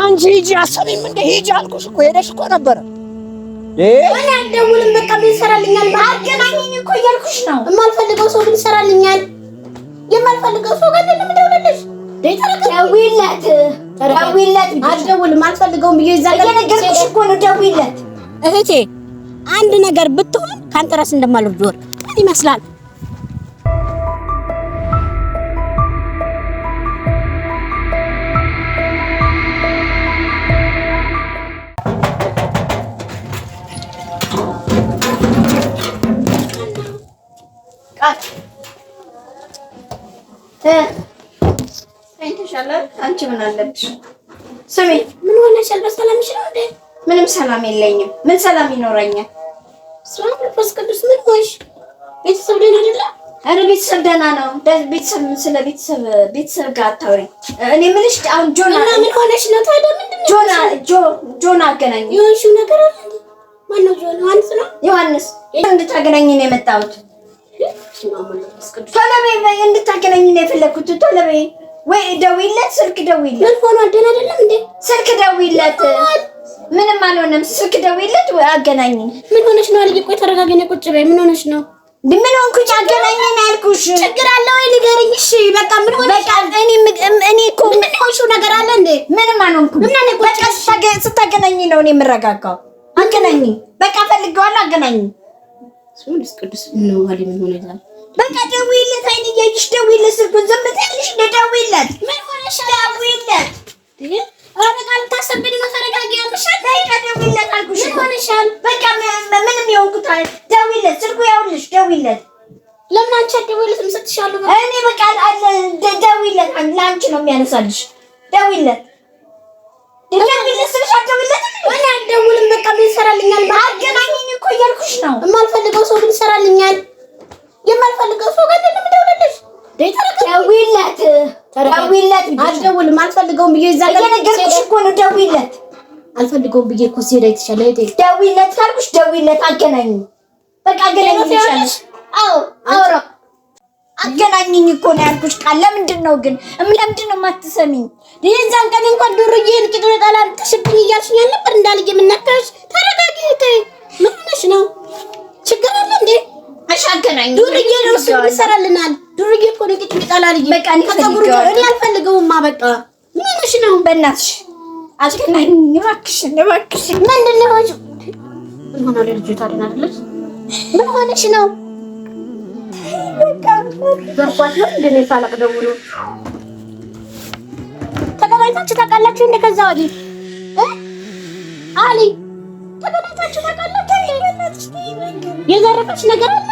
አንቺ ሂጂ አሰሚም እንደ ሂጂ አልኩሽ እኮ ሄደሽ እኮ ነበረ። አልደውልም በቃ ምን ይሰራልኛል? አገናኝኝ እኮ እያልኩሽ ነው። የማልፈልገው ሰው ግን ይሰራልኛል። የማልፈልገው ሰው ጋር ለምን ደውለልሽ? ደውይለት፣ እህቴ፣ አንድ ነገር ብትሆን ካንተ ራስ እንደማልወርድ ወርቅ ይመስላል ተኝተሻላል። አንቺ ምን አለብሽ? ስሜ ምን ሆነሻል? በሰላም ይችላል እንዴ? ምንም ሰላም የለኝም። ምን ሰላም ይኖረኛል? ስራም ልፈስ ቅዱስ ምን ሆሽ? ቤተሰብ ደህና አይደለ? አረ ቤተሰብ ደህና ነው። ቤተሰብ ስለ ቤተሰብ ቤተሰብ ጋር አታውሪ። እኔ ምንሽ አሁን ጆና እና ምን ሆነሽ ነው ታዲያ? ምንድነው ጆና ጆ ጆና አገናኝ የሆንሽው ነገር አለ? ማነው ጆና? ዮሐንስ ነው ዮሐንስ። እንድታገናኝ ነው የመጣሁት ሰላም በይ እንድታገናኝ ነው የፈለግኩት። ቶሎ በይ ወይ ደውይለት፣ ስልክ ደውይለት። ምን ሆኖ አይደለም እንዴ? ስልክ ደውይለት። ምንም አልሆነም። ስልክ ደውይለት ወይ አገናኝ። ምን ሆነሽ ነው አልዬ? ቆይ ተረጋግኝ፣ ቁጭ በይ። ምን ሆነሽ ነው? ምን ሆንኩሽ? አገናኝ ነው ያልኩሽ። ችግር አለ ወይ ንገሪኝ። እሺ በቃ ምን ሆነሽ? በቃ እኔ እኔ እኮ ምን ሆንሽው ነገር አለ እንዴ? ምንም አልሆንኩም። ምን በቃ ስታገናኝ ነው እኔ የምረጋጋው። አገናኝ በቃ ፈልገዋለሁ። አገናኝ ቅዱስ ምን በቃ ደውይለት፣ አይን እያየሽ ደውይለት። ስልኩን ዝም ትያለሽ እንደ ደውይለት። ምን ሆነሽ? ደውይለት። በቃ ምንም ደውይለት፣ ያውልሽ፣ ደውይለት። ለምን አንቺ እኔ በቃ ነው የሚያነሳልሽ። ደውይለት እኔ አልደውልም። በቃ ምን ይሰራልኛል? አገናኝኝ እኮ እያልኩሽ ነው። የማልፈልገው ሰው ምን ይሰራልኛል? የማልፈልገው ሰው ጋር ለምን ደውለልሽ? ደውይለት፣ ደውይለት። አልደውልም፣ አልፈልገውም ብዬ ይዛ እየነገርኩሽ እኮ ነው። ደውይለት። አልፈልገውም ብዬ እኮ ሲሄድ ደውይለት ካልኩሽ ደውይለት። አገናኝ፣ በቃ አገናኝ ይሻለሽ። አዎ አውራ አገናኝኝ እኮ ነው ያልኩሽ ቃል። ለምንድን ነው ግን ለምንድን ነው የማትሰሚኝ? የዛን ቀን እንኳን ዱርዬን ቅጥረ ቃል አምጥሽብኝ እያልሽኝ አልነበር? እንዳልዬ ተረጋጊ። ምን ሆነሽ ነው? ችግር አለ እንዴ? አሻገናኝ ዱርዬ ነው እሱ ይሰራልናል። ዱርዬ እኮ ነው ግጥም ይጣላል። በቃ እኔ በቃ ነው? በእናትሽ ምንድን ነው ምን ተገናኝታችሁ ታውቃላችሁ? እንደ ከዛ ወዲህ አሊ ተገናኝታችሁ ታውቃላችሁ? የዘረፈች ነገር አለ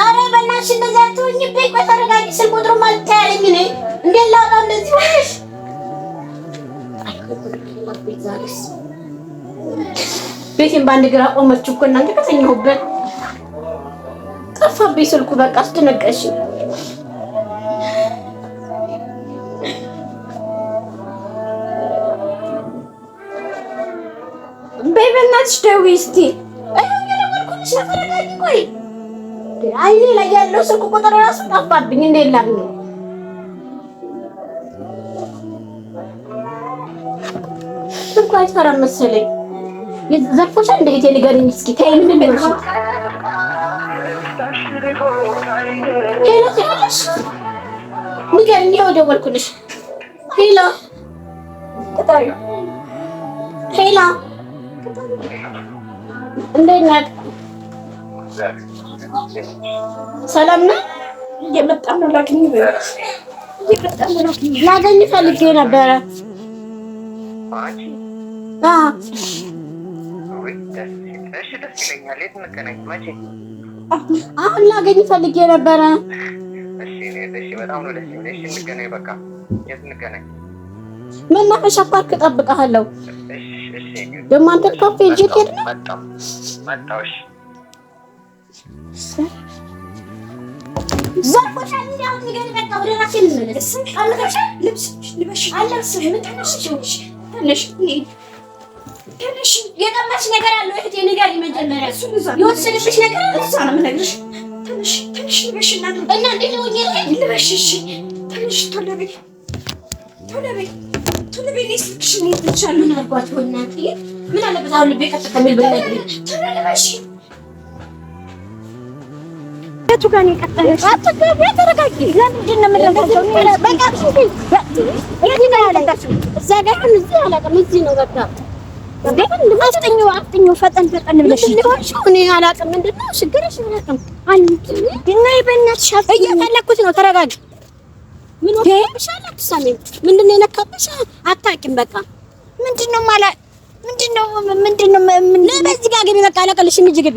አረ በእናትሽ እንደዛ ትሆኝ ቤት ተረጋጊ። ስል ቁጥሩ ማለት ያለኝ እኔ እንዴት ላውጣ እንደዚህ ወሽ ቤቴን በአንድ ግራ ቆመችው እኮ እናንተ ከተኛሁበት ጠፋብኝ ስልኩ። በቃ አስደነቀሽ። በእናትሽ ደውዪ እስኪ። አይ ተረጋጊ ቆይ አይኔ ላይ ያለው ስልክ ቁጥር ራሱ ጠፋብኝ። እንዴት ላግኘው? ስልኩ አይሰራም መሰለኝ። ዘርፎሻል እንደ እቴ ንገሪኝ እስኪ ተይ። ምን እንደሆነ ሄሎ ትያለሽ? ንገሪኝ። ይኸው ደወልኩልሽ። ሄሎ ሄሎ፣ እንዴት ነህ? ሰላም ነው። እየመጣን ነው። ላግኝ እየመጣን ነው። ላገኝ ፈልጌ ነበረ። አሁን ላገኝ ፈልጌ ነበረ። መናፈሻ ፓርክ እጠብቅሃለሁ። ደግሞ አንተን ካፌ እንጂ ልሄድ ነው ትንሽ የጠማች ነገር አለው። እህቴ ንገሪኝ መጀመሪያ የወሰደብሽ ነገር አለ። እሷ ነው የምነግርሽ። ትንሽ ትንሽ ልበሽ እና እንዴት ነው ልበሽ? እሺ ትንሽ ቶሎ በይ ቶሎ በይ ቶሎ በይ። ስልክሽ ብቻ ምን አልኳት? በእናትህ ምን አለበት አሁን ልቤ ቀጥ ከሚል በነግርሽ ቶሎ ልበሽ ከቱ ጋር ነው የቀጠለሽ? አትገቢ፣ ተረጋጊ። ለምንድን ነው የምንረጋጋው? በቃ የት ፈጠን ፈጠን ብለሽ እኔ አላውቅም። ምንድን ነው ችግርሽ? አላውቅም። አንቺ በእናትሽ እየፈለኩት ነው። ተረጋጊ። ምን ምንድን ነው የነካብሽ? አታውቂም። በቃ ምንድን ነው ምንድን ነው ምንድን ነው በዚህ ጋር ግቢ። በቃ ሂጂ ግቢ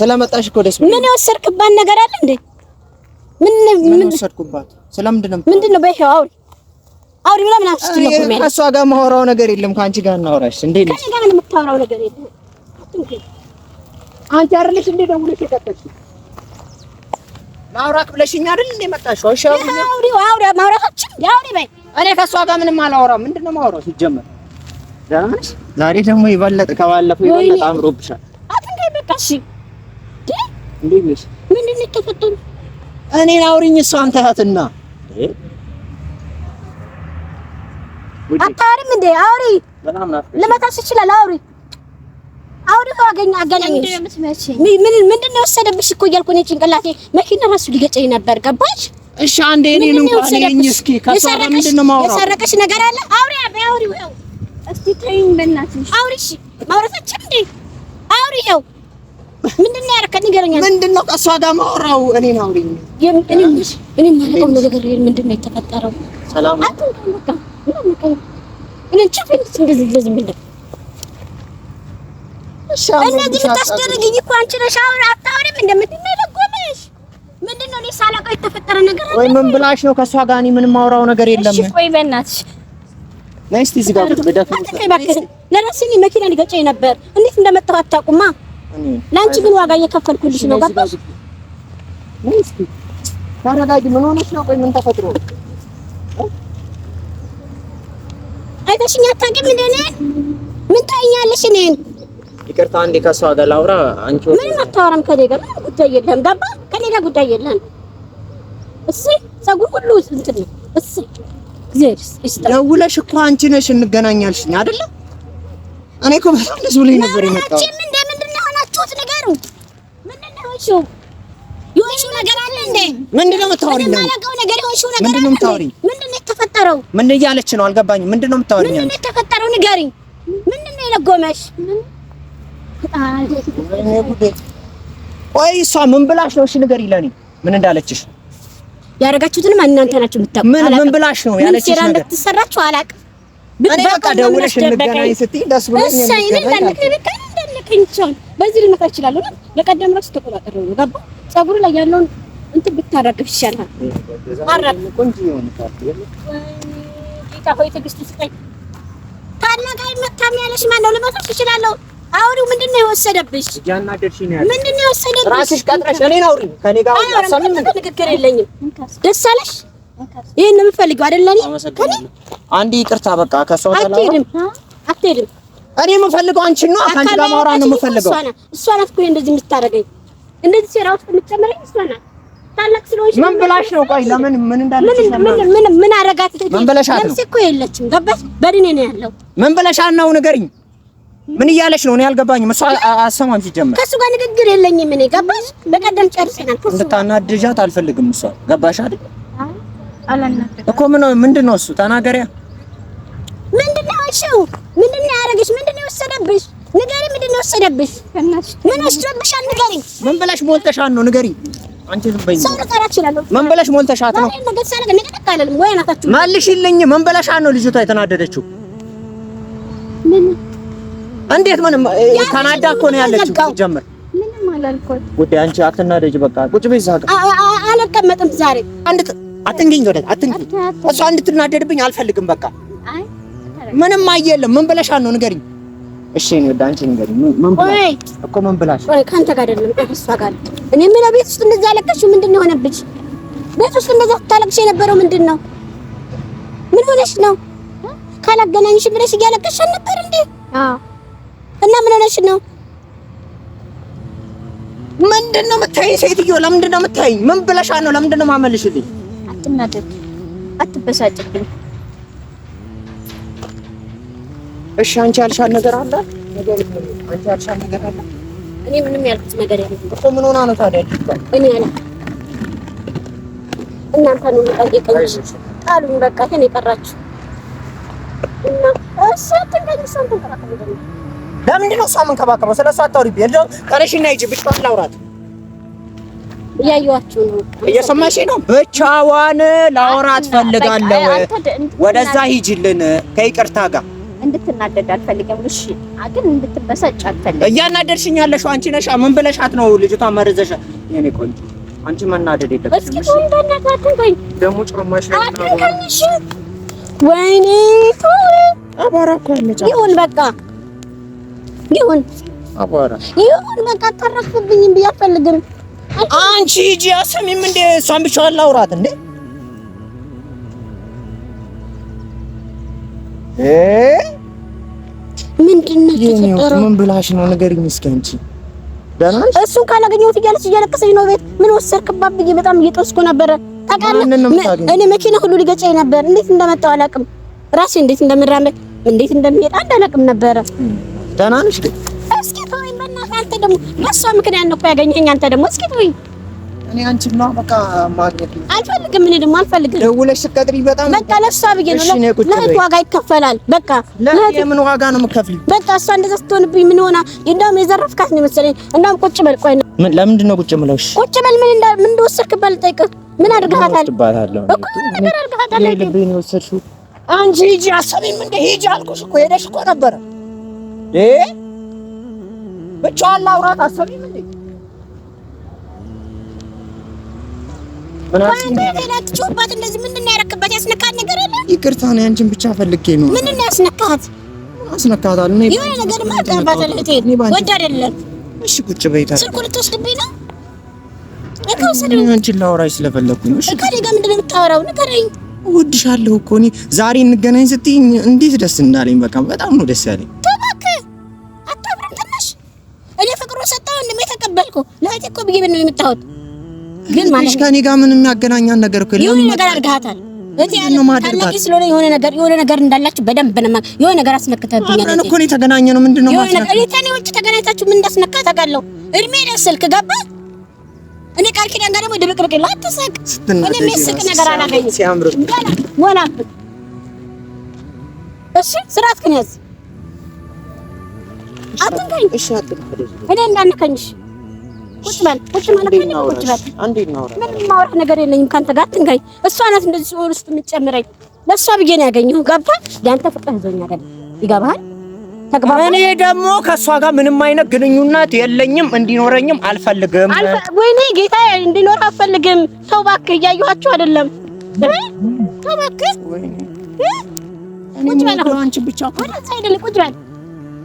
ስለመጣሽ እኮ ደስ ብሎኝ። ምን የወሰድክባት ነገር አለ እንዴ? ምን ምን ወሰድኩባት? ስለምንድን ነው ምንድን ነው? በይኸው አውሪ አውሪ ብላ ምን አትስቲ ነው የሚያል ከእሷ ጋር የማወራው ነገር የለም። ከአንቺ ጋር እናወራሽ እንዴ? ከእኔ ጋር ምን የምታወራው ነገር የለም። አንቺ አይደለሽ እንዴ ደውለሽ የቀጠልሽው? ማውራት ብለሽኝ አይደል እንዴ መጣሽው? አውሪ አውሪ ማውራታችን አውሪ በይ። እኔ ከእሷ ጋር ምንም አላወራም። ምንድን ነው የማወራው ሲጀመር ዳምንሽ ዛሬ ደግሞ የበለጠ ከባለፈው የበለጠ አምሮብሻል። አትንገይ በቃ እሺ። እንዴት ነሽ? ምንድን ነው ተፈጠሩ? እኔን አውሪኝ። እሷን ተሃትና አታወሪም እንዴ? አውሪ። ልመታሽ ይችላል። አውሪ አውሪ። አገኛ አገናኝሽ። ምን ምንድን ነው የወሰደብሽ እኮ እያልኩ እኔ ጭንቅላቴ መኪና ራሱ ሊገጨኝ ነበር። ገባሽ? እሺ አንዴ እኔን እንኳን ነኝ። እስኪ ከሷ ምንድን ነው የሰረቀሽ ነገር አለ? አውሪ አውሪ እስቲ ተይኝ በእናትሽ። አውሪ እሺ፣ ማውራታችን እንዴ አውሪ። ያው ምንድን ነው ያደረከት ንገረኝ። ምንድን ነው ከእሷ ጋር ማውራው? እኔን አውሪኝ። እኔ ማለቀው ነገር ምንድን ነው የተፈጠረው? ሰላም ምንድን ነው? የተፈጠረ ነገር ወይ ምን ብላሽ ነው? ከእሷ ጋር እኔ ምን ማውራው ነገር የለም። ቆይ በእናትሽ ናይስ ቲዚ ጋር ለራሴ መኪና ሊገጨኝ ነበር። እንዴት እንደመጣሁ አታውቁማ። ለአንቺ ግን ዋጋ እየከፈልኩልሽ ነው። ገባሽ? ተረጋጊ። ምን ሆነሽ ነው? ቆይ ምን ተፈጥሮ? አይተሽኝ አታውቂም? እንደኔ ምን ታይኛለሽ? እኔን ይቅርታ፣ አንዴ ከሷ ጋር ላውራ። አንቺ ምንም አታወራም ከኔ ጋር ምንም ጉዳይ የለም። ገባ? ከሌላ ጉዳይ የለም። እሺ፣ ፀጉር ሁሉ እንትን ነው። እሺ ደውለሽ እኮ አንቺ ነሽ እንገናኛልሽኝ አይደለም። እኔ እኮ በጣም ደስ ብሎኝ ነበር የመጣሁት። ምን እያለች ነው? አልገባኝም። ምንድን ነው የምታወሪኝ? ምንድን ነው የተፈጠረው? ንገሪኝ። ምንድን ነው የለጎመሽ? ቆይ እሷ ምን ብላሽ ነው? እሺ ንገሪኝ፣ ለእኔ ምን እንዳለችሽ ያደረጋችሁትንም እናንተ ናችሁ የምታውቁት። ምን ምን ብላሽ ነው ያለችሽ? ሴራ እንደተሰራችሁ አላውቅም። እኔ በቃ ደውለሽ እንገናኝ ስትይ ደስ ብሎኝ በዚህ ልመክረህ እችላለሁ። ለቀደም እራሱ ተቆጣጠረው ነው ገባ ፀጉሩ ላይ ያለውን እንትን ብታራግፍ ይሻላል። ጌታ ሆይ ትዕግስት ስጠኝ። ታናጋይ መታም ያለሽ ነው? ልመክረሽ እችላለሁ አውሪው ምንድን ነው የወሰደብሽ? እያናደድሽኝ ነው። ምንድን ነው የወሰደብሽ? ራስሽ ቀጥረሽ እኔን አውሪኝ። ከኔ ጋር ንግግር የለኝም። ደስ አለሽ? ይሄን ነው የምፈልገው አይደለ? እኔ አንዴ ይቅርታ፣ በቃ ከሷ አትሄድም፣ አትሄድም። እኔ የምፈልገው አንቺን ነው። ከአንቺ ጋር ማውራት ነው የምፈልገው። እሷ ናት እኮ እንደዚህ የምታደርገኝ፣ እንደዚህ ሴራ ውስጥ የምትጨምረኝ እሷ ናት። ታላቅ ስለሆንሽ ምን ብላሽ ነው? ቆይ ለምን ምን እንዳለች ምን ምን ምን አረጋት? ምን ብለሻት ነው? ለምን እኮ የለችም። ገባሽ? በድኔ ነው ያለው። ምን ብለሻት ነው ንገሪኝ ምን እያለች ነው? እኔ አልገባኝም። እሷ አሰማም ሲጀምር ከሱ ጋር ንግግር የለኝም እኔ ገባሽ። በቀደም ጨርሰናል። እንድታናድጃት አልፈልግም። እሷ ገባሽ አይደል እኮ ምን ምንድን ነው እሱ ተናገሪያ። ምንድን ነው እሱ ምንድን ነው ያደረግሽ? ምንድን ነው የወሰደብሽ? ንገሪኝ። ምንድን ነው የወሰደብሽ? ምን ወስዶብሻል? ንገሪኝ። ምን ብለሽ ሞልተሻት ነው? ንገሪኝ። አንቺ ዝም በይኝ። ምን ብለሽ ሞልተሻት ነው? መልሽልኝ። ምን ብለሻት ነው ልጅቷ የተናደደችው? ምን እንዴት ምንም ተናዳ እኮ ነው ያለችው። ጀምር ምንም አላልኩት። ውዴ አንቺ አትናደጅ። በቃ ቁጭ በይ። ዛጋ አልቀመጥም ዛሬ። አንድ አትንገኝ፣ ወደ አትንገኝ። እሷ እንድትናደድብኝ አልፈልግም። በቃ ምንም አየለም። ምን ብለሻት ነው ንገሪኝ። እሺ ነው ዳንቺ አንቺ ምን ብለሽ እኮ ምን ወይ ካንተ ጋር አይደለም ከእሷ ጋር። እኔ ምን ቤት ውስጥ እንደዛ ያለቀሽው ምንድን ነው የሆነብሽ? ቤት ውስጥ እንደዛ ስታለቅሽ የነበረው ምንድን ነው? ምን ሆነሽ ነው? ካላገናኝሽ ብለሽ እያለቀሽ ነበር እንዴ? አዎ እና ምን ሆነሽ ነው? ምንድን ነው የምታይኝ? ሴትዮ ለምንድን ነው የምታይኝ? ምን ብለሻ ነው? ለምንድን ነው የማመልሽልኝ? አትናደድ፣ አትበሳጭብኝ። እሺ አንቺ ያልሻል ነገር አለ? አንቺ ያልሻል ነገር አለ? እኔ ምንም ያልኩት ነገር የለም እኮ። ምን ሆና ነው ታዲያ? እኔ አለ እናንተ ነው የምጠይቀኝ። ቃሉን በቃ፣ የቀራችሁ እና እሺ አትንገኝ ሰንተን ተራቀም ለምንድን ነው እሷ የምንከባከበው? ስለ እሷ አታውሪብኝ። እንደው ቀረሽና ሂጂ፣ ብቻዋን ላውራት። እያየኋቸው ነው። እየሰማሽ ነው። ብቻዋን ላውራት ፈልጋለሁ። ወደዛ ሂጂልን ከይቅርታ ጋር እንድትናደድ አልፈልግም። እሺ ግን እንድትበሳጭ አልፈልግም። እያናደድሽኝ ያለሽው አንቺ ነሽ። ምን ብለሻት ነው ልጅቷ መርዘሻ? የኔ ቆንጆ አንቺ መናደድ የለብሽም። እስኪ ደግሞ ጭራሽ ወይኔ አባራ እኮ ያለች ይሁን በቃ ይሁን አባራ ይሁን በቃ አታራክብኝም ብዬ አልፈልግም። አንቺ ሂጂ አሰሚም እንደ እሷን ምን ብላሽ ነው ንገሪኝ እስኪ አንቺ። እሱን ካላገኘሁት እያለች እያለቀሰች ነው ቤት ምን ወሰድክባት ብዬ በጣም እየጦስኩ ነበረ። እኔ መኪና ሁሉ ሊገጨኝ ነበር። እንዴት እንደመጣሁ አላውቅም። ራሴ እንዴት እንደምራመድ እንዴት እንደምሄድ አንድ አላውቅም ነበረ። ደህና ነሽ ግን? እስኪ ተወኝ በእናትህ። አንተ ደግሞ በእሷ ምክንያት ነው እኮ ያገኘኸኝ። አንተ ደግሞ እስኪ ተወኝ። እኔ አንቺ አንቺማ በቃ ማግኘት አልፈልግም። እኔ ደግሞ አልፈልግም። ደውለሽ ስትቀጥሪኝ በጣም በቃ ለእሷ ብዬ ነው። ለእህት ዋጋ ይከፈላል። በቃ ለእህት የምን ዋጋ ነው የምከፍልኝ? በቃ እሷ እንደዛ ስትሆንብኝ ምን ሆና እንደውም የዘረፍካት ነው መሰለኝ። እንደውም ቁጭ በል። ቆይ ነው ምን? ለምንድን ነው ቁጭ የምለው? ቁጭ በል። ምን እንደ ምን በል ልጠይቅህ። ምን አድርገሃታል እኮ? ምን ነገር አድርገሃታል? ልቤን የወሰድሽው አንቺ። ሂጂ አሰበኝ። ምን ሂጂ አልኩሽ እኮ ሄደሽ እኮ ነበረ ብቻዋን ላውራት አሰሚም እንዴ? ምናምን እንደዚህ ምንድን ነው ያረክበት? ያስነካት ነገር አለ? ይቅርታ ነው አንቺን ብቻ ፈልጌ ነው። ምንድን ነው ያስነካት? አስነካታል ነው የሆነ ነገር ማቀርባት ለእህቴ ወድ አይደለም። እሺ ቁጭ በይታ ስልኩን ልትወስድብኝ ነው? አንቺን ላወራሽ ስለፈለኩኝ። እሺ ከኔ ጋር ምንድን ነው የምታወራው? ንገረኝ። እወድሻለሁ እኮ እኔ ዛሬ እንገናኝ ስትይኝ እንዴት ደስ እንዳለኝ በቃ በጣም ነው ደስ ያለኝ። ተቀበልኩ። ለእህቴ እኮ ብዬ ነው የመጣሁት። ግን ማለት ከኔ ጋር ምን የሚያገናኛን ነገር እኮ የለም። ነገር አድርጋታል። እህቴ ያለ ታላቂ ስለሆነ የሆነ ነገር የሆነ ነገር እንዳላችሁ በደንብ በነማ የሆነ ነገር አስነክተብኛል። አብረን እኮ ነው የተገናኘነው። ምንድን ነው ማለት ነው? እኔ ታኔ ወጭ ተገናኝታችሁ ምን እንዳስነካ ታውቃለሁ። እድሜ ለስልክ ገባ እኔ ቃል ኪዳን ጋር ደግሞ ድብቅብቅ ይላል። አትስቅ። እኔ የሚያስቅ ነገር አላገኝም። ወና እሺ ስራት ክንያዝ አትንካኝ። እሺ እኔ እንዳንካኝሽ ቁጭ በል ቁጭ በል ማውራት ነገር የለኝም ከአንተ ጋር እሷ ናት እንደዚህ ሲሆን ውስጥ የምትጨምረኝ ለእሷ ብዬ ነው ያገኘሁ። የአንተ ፍቅር ይገባሃል? እኔ ደግሞ ከእሷ ጋር ምንም አይነት ግንኙነት የለኝም፣ እንዲኖረኝም አልፈልግም። ወይኔ ጌታ እንዲኖር አልፈልግም። ተው እባክህ፣ እያየኋቸው አይደለም። ተው እባክህ፣ ቁጭ በል። አሁን ቁጭ በል፣ ቁጭ በል፣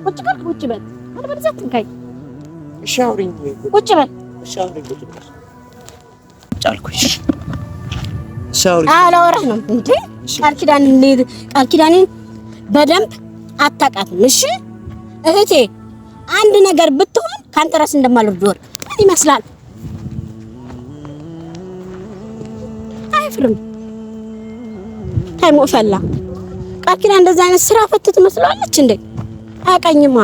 ቁጭ በል ቁጭ በል ቁጭ በል እሺ ቁጭ በል ጫልኩሽ። ቁጭ በል ጫልኩሽ አላወራህ ነው እንዴ? ቃል ኪዳን በደንብ አታውቃትም። እሺ እህቴ፣ አንድ ነገር ብትሆን ከአንተ ራስ እንደማልወድ ምን ይመስላል? አይፍርም። ታይሞ ፈላ። ቃል ኪዳን እንደዛ አይነት ስራ ፈት ትመስላለች እንዴ? አያውቃኝማ